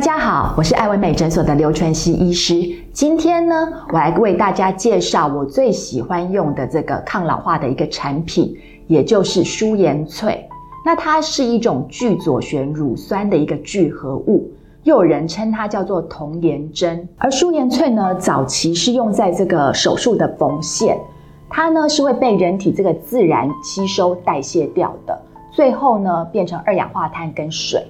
大家好，我是愛惟美診所的劉淳熙醫師。今天呢，我來為大家介紹我最喜歡用的這個抗老化的一個產品，也就是舒顏萃。那它是一種聚左旋乳酸的一個聚合物，又有人稱它叫做童顏針。而舒顏萃呢，早期是用在這個手術的縫線，它呢是會被人體這個自然吸收代謝掉的，最後呢變成二氧化碳跟水。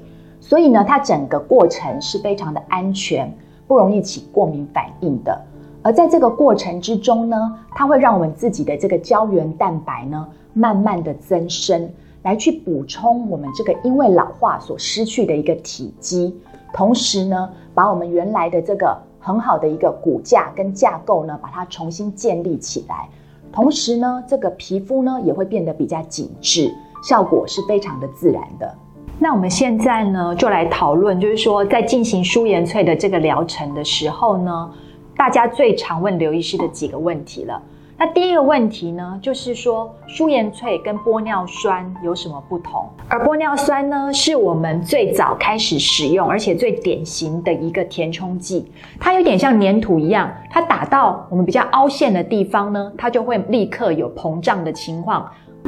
所以呢，它整個過程是非常的安全，不容易起過敏反應的。而在這個過程之中呢，它會讓我們自己的這個膠原蛋白呢，慢慢的增生，來去補充我們這個因為老化所失去的一個體積，同時呢，把我們原來的這個很好的一個骨架跟架構呢，把它重新建立起來。同時呢，這個皮膚呢也會變得比較緊致，效果是非常的自然的。那我們現在呢，就來討論，就是說在進行舒顏萃的這個療程的時候呢，大家最常問劉醫師的幾個問題了。那第一個問題呢，就是說舒顏萃跟玻尿酸有什麼不同？而玻尿酸呢，是我們最早開始使用，而且最典型的一個填充劑。它有點像粘土一樣，它打到我們比較凹陷的地方呢，它就會立刻有膨脹的情況，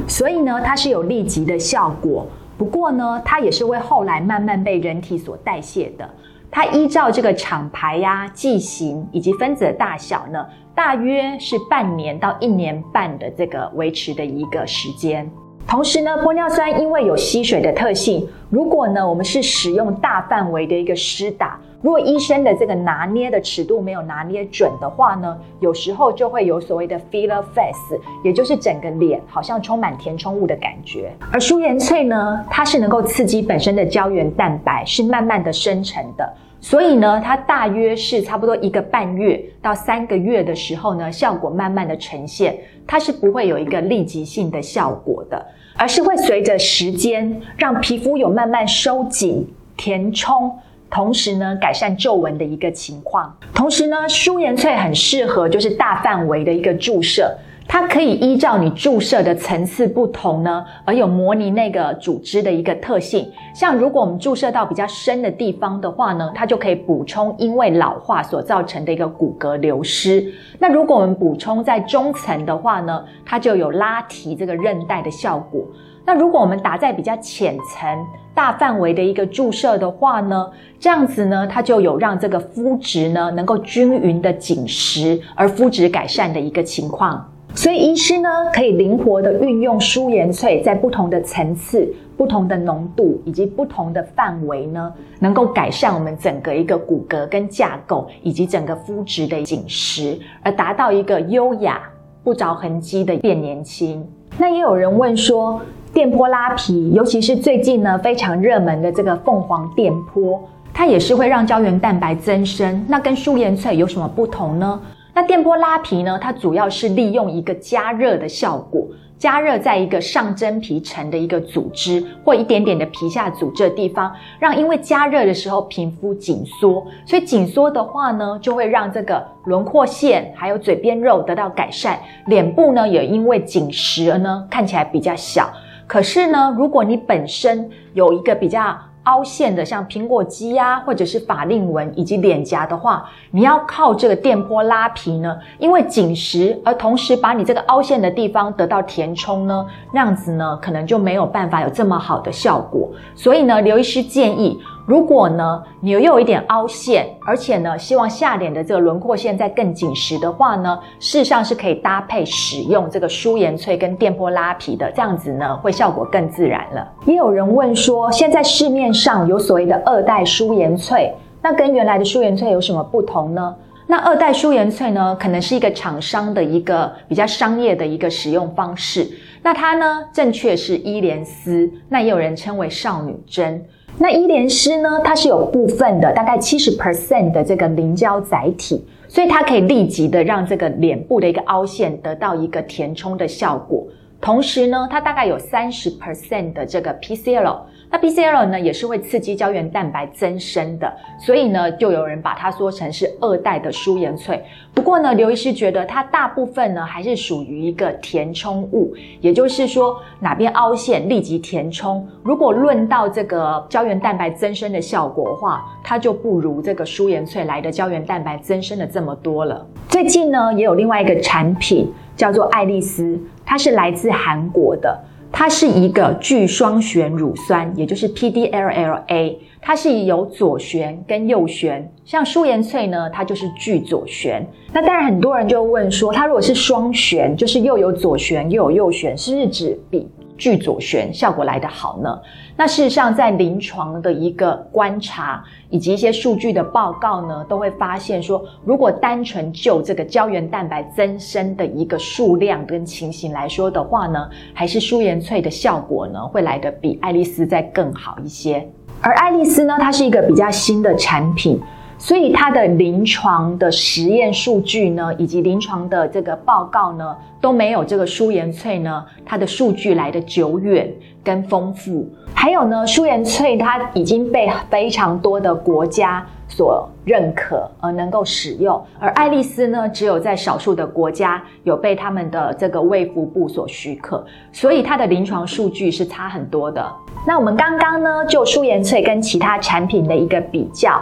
所以呢，它是有立即的效果。不過呢，它也是會後來慢慢被人體所代謝的。它依照這個廠牌呀、啊、劑型以及分子的大小呢，大約是半年到一年半的這個維持的一個時間。同時呢，玻尿酸因為有吸水的特性，如果呢我們是使用大範圍的一個施打，如果醫生的這個拿捏的尺度沒有拿捏準的話呢，有時候就會有所謂的 filler face，也就是整個臉好像充滿填充物的感覺。而舒顏萃呢，它是能夠刺激本身的膠原蛋白，是慢慢的生成的。所以呢，它大約是差不多一個半月到三個月的時候呢，效果慢慢的呈現，它是不會有一個立即性的效果的，而是會隨着時間讓皮膚有慢慢收緊、填充，同時呢，改善皺紋的一個情況。同時呢，舒顏萃很適合就是大範圍的一個注射。它可以依照你注射的層次不同呢，而有模擬那個組織的一個特性。像如果我們注射到比較深的地方的話呢，它就可以補充因為老化所造成的一個骨骼流失。那如果我們補充在中層的話呢，它就有拉提這個韌帶的效果。那如果我們打在比較淺層、大範圍的一個注射的話呢，這樣子呢，它就有讓這個膚質呢能夠均勻的緊實，而膚質改善的一個情況。所以醫師呢，可以靈活的運用舒顏萃，在不同的層次、不同的濃度以及不同的範圍呢，能夠改善我們整個一個骨骼跟架構，以及整個膚質的緊實，而達到一個優雅，不着痕跡的變年輕。那也有人問說，電波拉皮，尤其是最近呢，非常熱門的這個鳳凰電波，它也是會讓膠原蛋白增生，那跟舒顏萃有什麼不同呢？那電波拉皮呢？它主要是利用一個加熱的效果，加熱在一個上真皮層的一個組織或一點點的皮下組織的地方，讓因為加熱的時候皮膚緊縮，所以緊縮的話呢，就會讓這個輪廓線還有嘴邊肉得到改善，臉部呢也因為緊實而呢看起來比較小。可是呢，如果你本身有一個比較。凹陷的，像蘋果肌啊，或者是法令紋以及臉頰的話，你要靠這個電波拉皮呢，因為緊實而同時把你這個凹陷的地方得到填充呢，那樣子呢，可能就沒有辦法有這麼好的效果。所以呢，劉醫師建議。如果呢，你又有一點凹陷，而且呢，希望下臉的這個輪廓線再更緊實的話呢，事實上是可以搭配使用這個舒顏萃跟電波拉皮的，這樣子呢會效果更自然了。也有人問說，現在市面上有所謂的二代舒顏萃，那跟原來的舒顏萃有什麼不同呢？那二代舒顏萃呢，可能是一個廠商的一個比較商業的一個使用方式。那它呢，正確是伊蓮絲，那也有人稱為少女針。那洢蓮絲呢？它是有部分的，大概七十 percent 的這個凝膠載體，所以它可以立即的讓這個臉部的一個凹陷，得到一個填充的效果。同時呢，它大概有三十 percent 的這個 PCL。那 PCL 呢，也是會刺激膠原蛋白增生的，所以呢，就有人把它說成是二代的舒顏萃，不過呢，劉醫師覺得它大部分呢還是屬於一個填充物，也就是說哪邊凹陷立即填充。如果論到這個膠原蛋白增生的效果的話，它就不如這個舒顏萃來的膠原蛋白增生的這麼多了。最近呢，也有另外一個產品叫做艾麗斯，它是來自韓國的。它是一個聚雙旋乳酸，也就是 PDLLA，它是有左旋跟右旋。像舒顏萃呢，它就是聚左旋。那當然很多人就問說，它如果是雙旋，就是又有左旋又有右旋，是不是只比聚左旋效果來得好呢？那事實上，在臨床的一個觀察以及一些數據的報告呢，都會發現說，如果單純就這個膠原蛋白增生的一個數量跟情形來說的話呢，還是舒顏萃的效果呢，會來得比艾麗斯再更好一些。而艾麗斯呢，它是一個比較新的產品。所以它的臨床的實驗數據呢，以及臨床的這個報告呢，都沒有這個舒顏萃呢，它的數據來得久遠跟豐富。還有呢，舒顏萃它已經被非常多的國家所認可，而能夠使用，而艾麗斯呢，只有在少數的國家有被他們的這個衛福部所許可，所以它的臨床數據是差很多的。那我們剛剛呢，就舒顏萃跟其他產品的一個比較。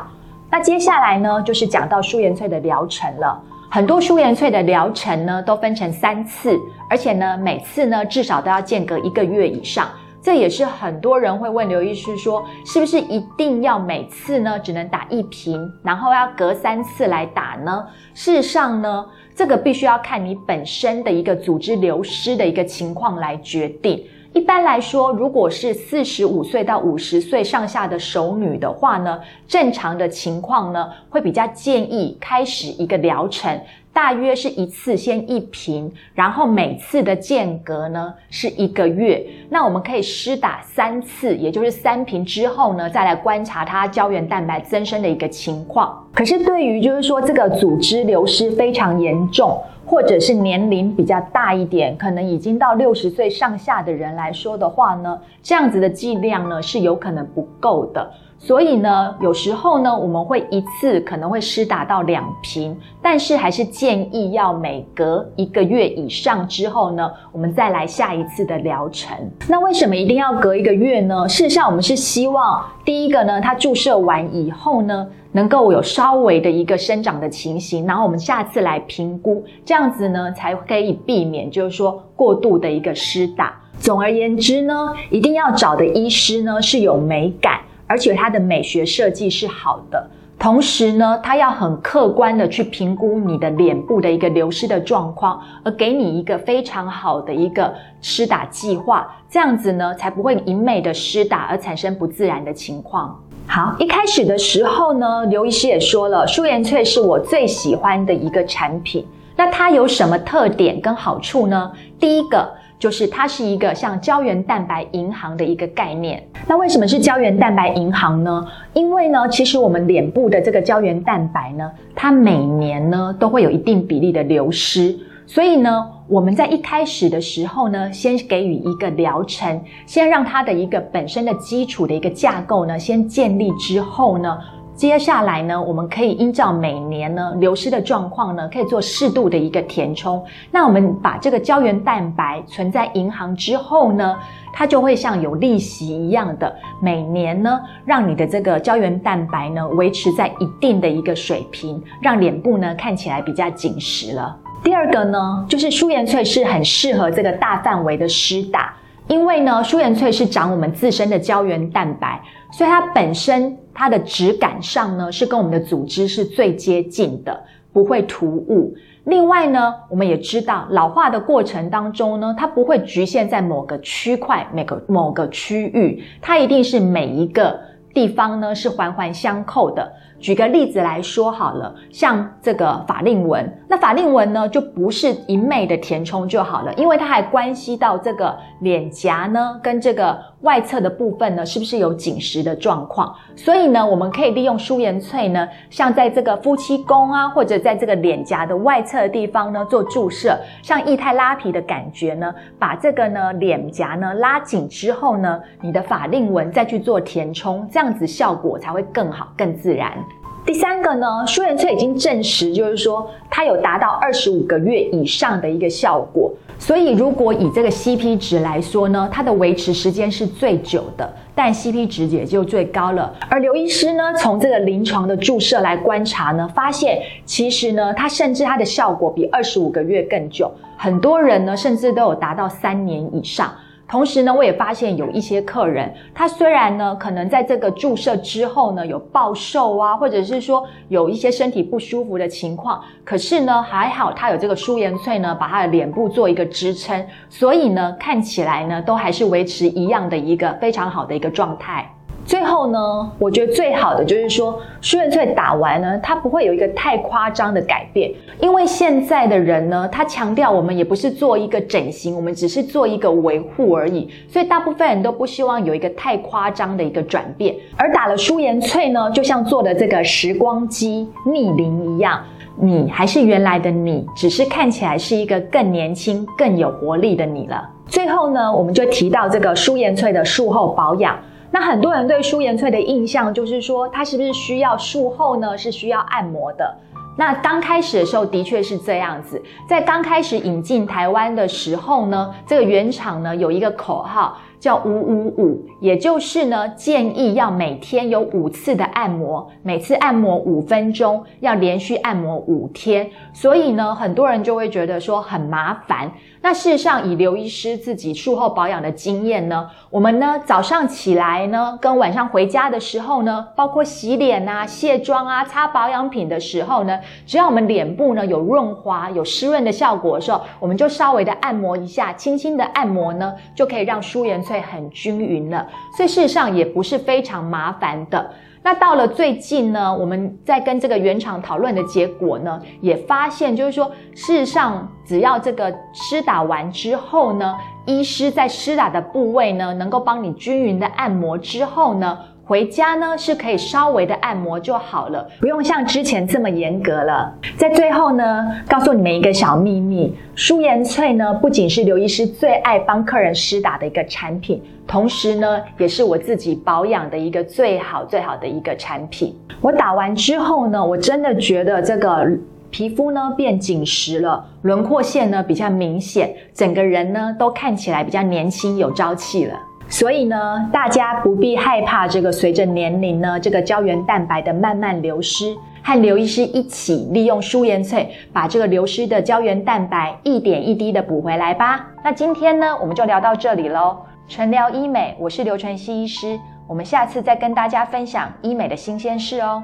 那接下來呢，就是講到舒顏萃的療程了。很多舒顏萃的療程呢，都分成三次，而且呢，每次呢，至少都要間隔一個月以上。這也是很多人會問劉醫師說，是不是一定要每次呢，只能打一瓶，然後要隔三次來打呢？事實上呢，這個必須要看你本身的一個組織流失的一個情況來決定。一般來說，如果是四十五歲到五十歲上下的熟女的話呢，正常的情況呢，會比較建議開始一個療程。大約是一次先一瓶，然後每次的間隔呢是一個月。那我們可以施打三次，也就是三瓶之後呢，再來觀察它膠原蛋白增生的一個情況。可是對於就是說這個組織流失非常嚴重，或者是年齡比較大一點，可能已經到六十歲上下的人來說的話呢，這樣子的劑量呢是有可能不夠的。所以呢，有時候呢，我們會一次可能會施打到兩瓶，但是還是建議要每隔一個月以上之後呢，我們再來下一次的療程。那為什麼一定要隔一個月呢？事實上，我們是希望第一個呢，它注射完以後呢，能夠有稍微的一個生長的情形，然後我們下次來評估，這樣子呢，才可以避免就是說過度的一個施打。總而言之呢，一定要找的醫師呢，是有美感。而且它的美學設計是好的，同時呢，它要很客觀的去評估你的臉部的一個流失的狀況，而給你一個非常好的一個施打計劃，這樣子呢，才不會一昧地施打而產生不自然的情況。好，一開始的時候呢，劉醫師也說了，舒顏萃是我最喜歡的一個產品。那它有什麼特點跟好處呢？第一個就是它是一個像膠原蛋白銀行的一個概念。那為什麼是膠原蛋白銀行呢？因為呢，其實我們臉部的這個膠原蛋白呢，它每年呢都會有一定比例的流失，所以呢，我們在一開始的時候呢，先給予一個療程，先讓它的一個本身的基礎的一個架構呢，先建立之後呢。接下來呢，我們可以依照每年呢流失的狀況呢，可以做適度的一個填充。那我們把這個膠原蛋白存在銀行之後呢，它就會像有利息一樣的，每年呢，讓你的這個膠原蛋白呢維持在一定的一個水平，讓臉部呢看起來比較緊實了。第二個呢，就是舒顏萃是很適合這個大範圍的施打。因為呢，舒顏萃是長我們自身的膠原蛋白，所以它本身它的質感上呢，是跟我們的組織是最接近的，不會突兀。另外呢，我們也知道，老化的過程當中呢，它不會局限在某個區塊，每個某個區域，它一定是每一個地方呢是環環相扣的。舉個例子來說好了，像這個法令紋，那法令紋呢就不是一味的填充就好了，因為它還關係到這個臉頰呢跟這個外側的部分呢是不是有緊實的狀況，所以呢我們可以利用舒顏萃呢，像在這個夫妻宮啊或者在這個臉頰的外側的地方呢做注射，像液態拉皮的感覺呢，把這個呢臉頰呢拉緊之後呢，你的法令紋再去做填充，這樣子效果才會更好更自然。第三個呢，舒顏萃已經證實，就是說它有達到二十五個月以上的一個效果。所以如果以這個 C P 值來說呢，它的維持時間是最久的，但 C P 值也就最高了。而劉醫師呢，從這個臨床的注射來觀察呢，發現其實呢，它甚至它的效果比二十五個月更久，很多人呢甚至都有達到三年以上。同時呢，我也發現有一些客人，他雖然呢可能在這個注射之後呢有暴瘦啊，或者是說有一些身體不舒服的情況，可是呢還好他有這個舒顏萃呢，把他的臉部做一個支撐，所以呢看起來呢都還是維持一樣的一個非常好的一個狀態。最後呢，我覺得最好的就是說，舒顏萃打完呢，它不會有一個太誇張的改變，因為現在的人呢，他強調我們也不是做一個整形，我們只是做一個維護而已，所以大部分人都不希望有一個太誇張的一個轉變。而打了舒顏萃呢，就像做的這個時光機逆齡一樣，你還是原來的你，只是看起來是一個更年輕、更有活力的你了。最後呢，我們就提到這個舒顏萃的術後保養。那很多人對舒顏萃的印象就是說，它是不是需要術後呢？是需要按摩的。那剛開始的時候的確是這樣子，在剛開始引進台灣的時候呢，這個原廠呢有一個口號叫“五五五”，也就是呢建議要每天有五次的按摩，每次按摩五分鐘，要連續按摩五天。所以呢，很多人就會覺得說很麻煩。那事實上，以劉醫師自己術後保養的經驗呢，我們呢早上起來呢，跟晚上回家的時候呢，包括洗臉啊、卸妝啊、擦保養品的時候呢，只要我們臉部呢有潤滑、有濕潤的效果的時候，我們就稍微的按摩一下，輕輕的按摩呢，就可以讓舒顏萃很均勻了。所以事實上也不是非常麻煩的。那到了最近呢，我們在跟這個原廠討論的結果呢，也發現就是說，事實上只要這個施打完之後呢，醫師在施打的部位呢，能夠幫你均勻的按摩之後呢。回家呢是可以稍微的按摩就好了，不用像之前這麼嚴格了。在最後呢，告訴你們一個小秘密，舒顏萃呢不僅是劉醫師最愛幫客人施打的一個產品，同時呢也是我自己保養的一個最好最好的一個產品。我打完之後呢，我真的覺得這個皮膚呢變緊實了，輪廓線呢比較明顯，整個人呢都看起來比較年輕有朝氣了。所以呢，大家不必害怕這個隨着年齡呢，這個膠原蛋白的慢慢流失。和劉醫師一起利用舒顏萃，把這個流失的膠原蛋白一點一滴的補回來吧。那今天呢，我們就聊到這裡嘍。淳聊醫美，我是劉淳熙醫師，我們下次再跟大家分享醫美的新鮮事哦。